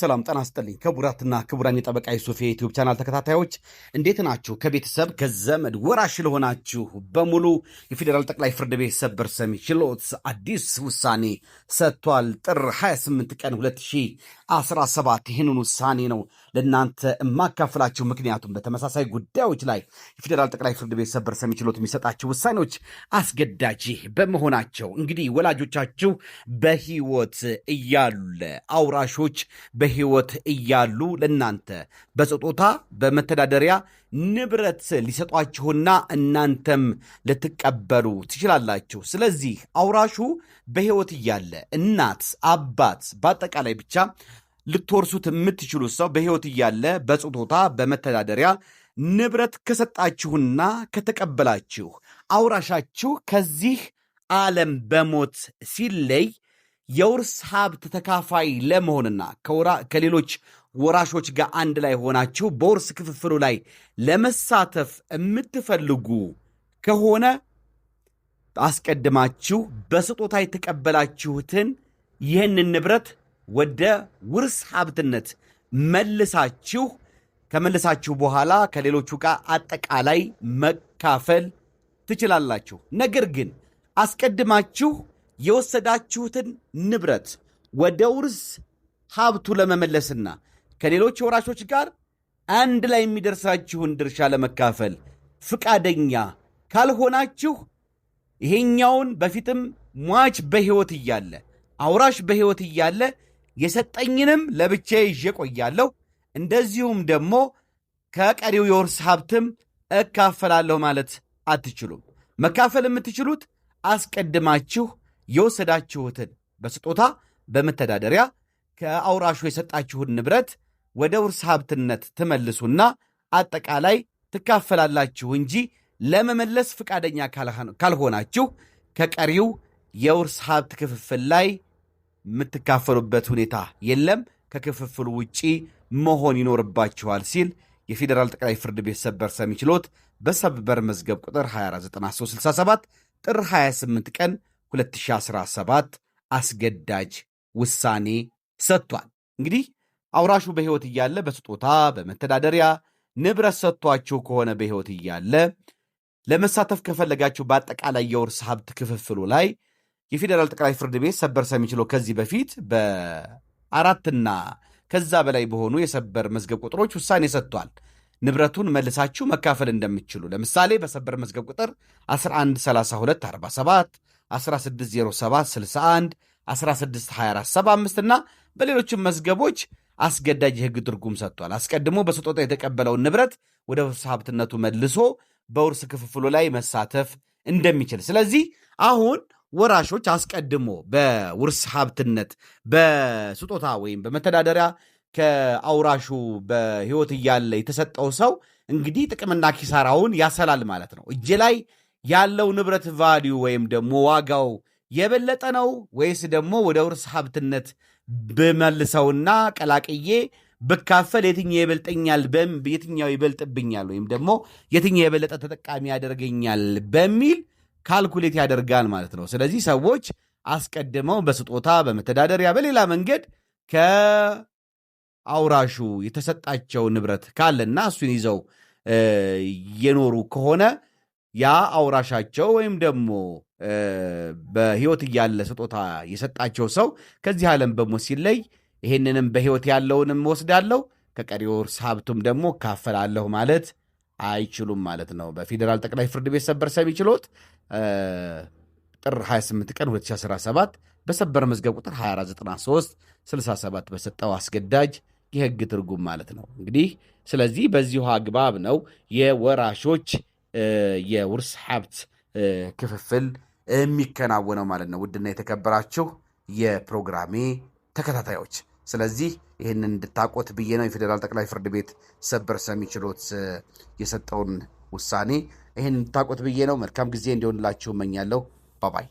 ሰላም ጠና ይስጥልኝ ክቡራትና ክቡራን የጠበቃ ዩሱፍ የዩቲዩብ ቻናል ተከታታዮች እንዴት ናችሁ? ከቤተሰብ ከዘመድ ወራሽ ለሆናችሁ በሙሉ የፌዴራል ጠቅላይ ፍርድ ቤት ሰበር ሰሚ ችሎት አዲስ ውሳኔ ሰጥቷል። ጥር 28 ቀን 2017 ይህንን ውሳኔ ነው ለእናንተ የማካፍላችሁ። ምክንያቱም በተመሳሳይ ጉዳዮች ላይ የፌዴራል ጠቅላይ ፍርድ ቤት ሰበር ሰሚ ችሎት የሚሰጣቸው ውሳኔዎች አስገዳጅ በመሆናቸው እንግዲህ ወላጆቻችሁ በህይወት እያለ አውራሾች በህይወት እያሉ ለእናንተ በስጦታ በመተዳደሪያ ንብረት ሊሰጧችሁና እናንተም ልትቀበሉ ትችላላችሁ። ስለዚህ አውራሹ በህይወት እያለ እናት፣ አባት በአጠቃላይ ብቻ ልትወርሱት የምትችሉት ሰው በሕይወት እያለ በጽቶታ በመተዳደሪያ ንብረት ከሰጣችሁና ከተቀበላችሁ አውራሻችሁ ከዚህ ዓለም በሞት ሲለይ የውርስ ሀብት ተካፋይ ለመሆንና ከሌሎች ወራሾች ጋር አንድ ላይ ሆናችሁ በውርስ ክፍፍሉ ላይ ለመሳተፍ የምትፈልጉ ከሆነ አስቀድማችሁ በስጦታ የተቀበላችሁትን ይህንን ንብረት ወደ ውርስ ሀብትነት መልሳችሁ ከመልሳችሁ በኋላ ከሌሎቹ ጋር አጠቃላይ መካፈል ትችላላችሁ። ነገር ግን አስቀድማችሁ የወሰዳችሁትን ንብረት ወደ ውርስ ሀብቱ ለመመለስና ከሌሎች ወራሾች ጋር አንድ ላይ የሚደርሳችሁን ድርሻ ለመካፈል ፍቃደኛ ካልሆናችሁ ይሄኛውን በፊትም ሟች በሕይወት እያለ አውራሽ በሕይወት እያለ የሰጠኝንም ለብቼ ይዤ ቆያለሁ፣ እንደዚሁም ደግሞ ከቀሪው የውርስ ሀብትም እካፈላለሁ ማለት አትችሉም። መካፈል የምትችሉት አስቀድማችሁ የወሰዳችሁትን በስጦታ በመተዳደሪያ ከአውራሹ የሰጣችሁን ንብረት ወደ ውርስ ሀብትነት ትመልሱና አጠቃላይ ትካፈላላችሁ እንጂ ለመመለስ ፈቃደኛ ካልሆናችሁ ከቀሪው የውርስ ሀብት ክፍፍል ላይ የምትካፈሉበት ሁኔታ የለም፣ ከክፍፍሉ ውጪ መሆን ይኖርባችኋል ሲል የፌዴራል ጠቅላይ ፍርድ ቤት ሰበር ሰሚ ችሎት በሰበር መዝገብ ቁጥር 249367 ጥር 28 ቀን 2017 አስገዳጅ ውሳኔ ሰጥቷል። እንግዲህ አውራሹ በሕይወት እያለ በስጦታ በመተዳደሪያ ንብረት ሰጥቷችሁ ከሆነ በሕይወት እያለ ለመሳተፍ ከፈለጋችሁ በአጠቃላይ የውርስ ሀብት ክፍፍሉ ላይ የፌዴራል ጠቅላይ ፍርድ ቤት ሰበር ሰሚ ችሎት ከዚህ በፊት በአራትና ከዛ በላይ በሆኑ የሰበር መዝገብ ቁጥሮች ውሳኔ ሰጥቷል። ንብረቱን መልሳችሁ መካፈል እንደምትችሉ ለምሳሌ በሰበር መዝገብ ቁጥር 113247 160761 162475 እና በሌሎችም መዝገቦች አስገዳጅ የህግ ትርጉም ሰጥቷል። አስቀድሞ በስጦታ የተቀበለውን ንብረት ወደ ውርስ ሀብትነቱ መልሶ በውርስ ክፍፍሉ ላይ መሳተፍ እንደሚችል ስለዚህ አሁን ወራሾች አስቀድሞ በውርስ ሀብትነት በስጦታ ወይም በመተዳደሪያ ከአውራሹ በህይወት እያለ የተሰጠው ሰው እንግዲህ ጥቅምና ኪሳራውን ያሰላል ማለት ነው። እጅ ላይ ያለው ንብረት ቫሊዩ ወይም ደግሞ ዋጋው የበለጠ ነው ወይስ ደግሞ ወደ ውርስ ሀብትነት ብመልሰውና ቀላቅዬ ብካፈል የትኛው ይበልጠኛል፣ የትኛው ይበልጥብኛል፣ ወይም ደግሞ የትኛው የበለጠ ተጠቃሚ ያደርገኛል በሚል ካልኩሌት ያደርጋል ማለት ነው። ስለዚህ ሰዎች አስቀድመው በስጦታ በመተዳደሪያ በሌላ መንገድ ከአውራሹ የተሰጣቸው ንብረት ካለና እሱን ይዘው የኖሩ ከሆነ ያ አውራሻቸው ወይም ደግሞ በሕይወት እያለ ስጦታ የሰጣቸው ሰው ከዚህ ዓለም በሞት ሲለይ ይህንንም በሕይወት ያለውንም ወስዳለሁ ከቀሪው ሀብቱም ደግሞ ካፈላለሁ ማለት አይችሉም ማለት ነው። በፌዴራል ጠቅላይ ፍርድ ቤት ሰበር ሰሚ ችሎት ጥር 28 ቀን 2017 በሰበር መዝገብ ቁጥር 2493 67 በሰጠው አስገዳጅ የህግ ትርጉም ማለት ነው። እንግዲህ ስለዚህ በዚሁ አግባብ ነው የወራሾች የውርስ ሀብት ክፍፍል የሚከናወነው ማለት ነው። ውድና የተከበራችሁ የፕሮግራሜ ተከታታዮች ስለዚህ ይህንን እንድታቆት ብዬ ነው የፌዴራል ጠቅላይ ፍርድ ቤት ሰበር ሰሚ ችሎት የሰጠውን ውሳኔ ይህን እንድታቆት ብዬ ነው። መልካም ጊዜ እንዲሆንላችሁ እመኛለሁ። ባባይ